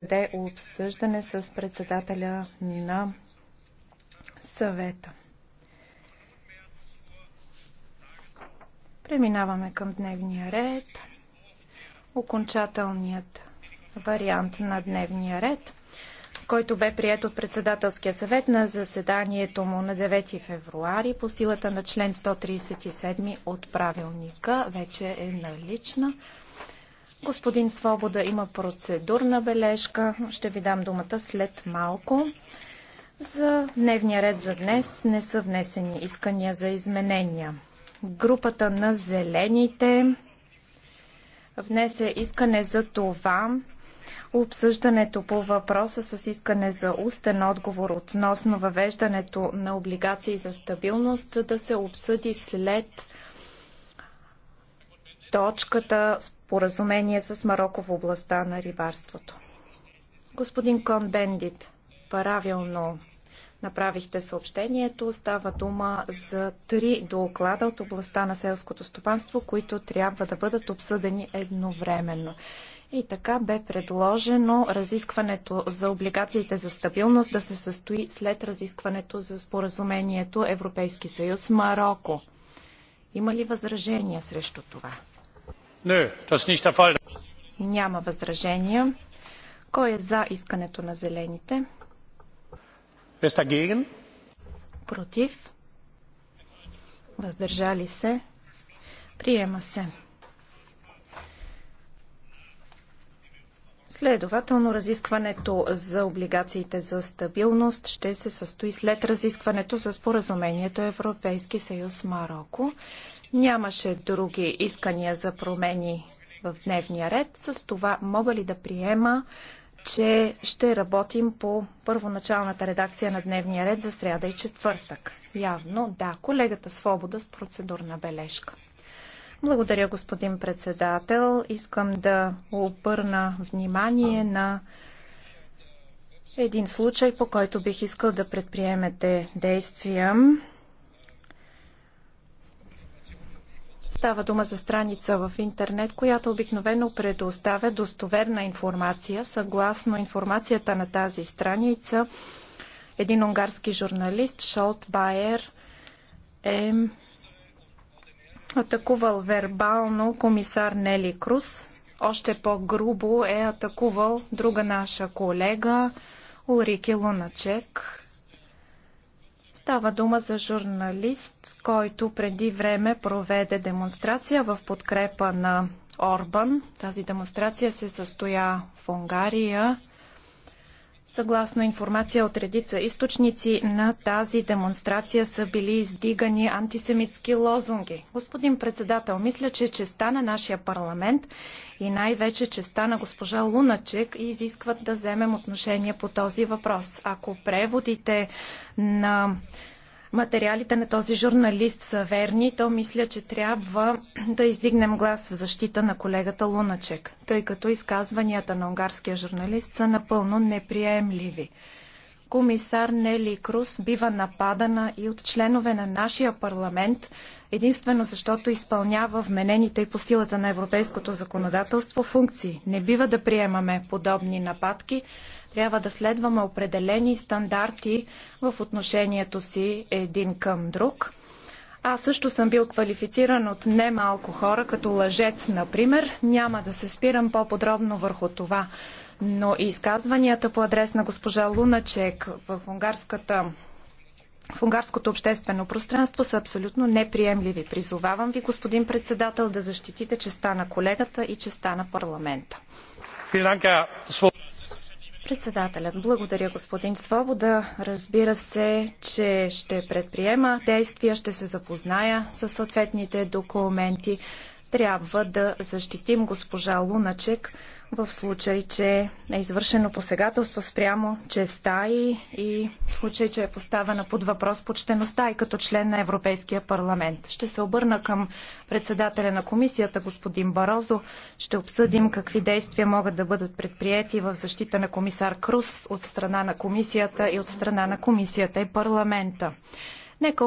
проведе обсъждане с председателя на съвета. Преминаваме към дневния ред. Окончателният вариант на дневния ред, който бе прият от председателския съвет на заседанието му на 9 февруари по силата на член 137 от правилника, вече е налична. Господин Свобода има процедурна бележка. Ще ви дам думата след малко. За дневния ред за днес не са внесени искания за изменения. Групата на зелените внесе искане за това обсъждането по въпроса с искане за устен отговор относно въвеждането на облигации за стабилност да се обсъди след точката с споразумение с Марокко в областта на рибарството. Господин Кон Бендит, правилно направихте съобщението. Става дума за три доклада от областта на селското стопанство, които трябва да бъдат обсъдени едновременно. И така бе предложено разискването за облигациите за стабилност да се състои след разискването за споразумението Европейски съюз Марокко. Има ли възражения срещу това? Няма възражения. Кой е за искането на зелените? Против? Въздържали се? Приема се. Следователно, разискването за облигациите за стабилност ще се състои след разискването за споразумението Европейски съюз Марокко. Нямаше други искания за промени в дневния ред. С това мога ли да приема, че ще работим по първоначалната редакция на дневния ред за сряда и четвъртък? Явно, да. Колегата Свобода с процедурна бележка. Благодаря, господин председател. Искам да обърна внимание на един случай, по който бих искал да предприемете действия. Става дума за страница в интернет, която обикновено предоставя достоверна информация. Съгласно информацията на тази страница, един унгарски журналист, Шолт Байер, е атакувал вербално комисар Нели Крус. Още по-грубо е атакувал друга наша колега Урики Луначек. Става дума за журналист, който преди време проведе демонстрация в подкрепа на Орбан. Тази демонстрация се състоя в Унгария. Съгласно информация от редица източници, на тази демонстрация са били издигани антисемитски лозунги. Господин председател, мисля, че честа на нашия парламент и най-вече честа на госпожа Луначек изискват да вземем отношение по този въпрос. Ако преводите на материалите на този журналист са верни, то мисля, че трябва да издигнем глас в защита на колегата Луначек, тъй като изказванията на унгарския журналист са напълно неприемливи комисар Нели Круз бива нападана и от членове на нашия парламент, единствено защото изпълнява вменените и по силата на европейското законодателство функции. Не бива да приемаме подобни нападки. Трябва да следваме определени стандарти в отношението си един към друг. Аз също съм бил квалифициран от немалко хора, като лъжец, например. Няма да се спирам по-подробно върху това. Но и изказванията по адрес на госпожа Луначек в унгарската в унгарското обществено пространство са абсолютно неприемливи. Призовавам ви, господин председател, да защитите честа на колегата и честа на парламента. Председателят, благодаря господин Свобода. Разбира се, че ще предприема действия, ще се запозная с съответните документи. Трябва да защитим госпожа Луначек в случай, че е извършено посегателство спрямо честа и, и в случай, че е поставена под въпрос почтеността и като член на Европейския парламент. Ще се обърна към председателя на комисията, господин Барозо. Ще обсъдим какви действия могат да бъдат предприяти в защита на комисар Крус от страна на комисията и от страна на комисията и парламента. Нека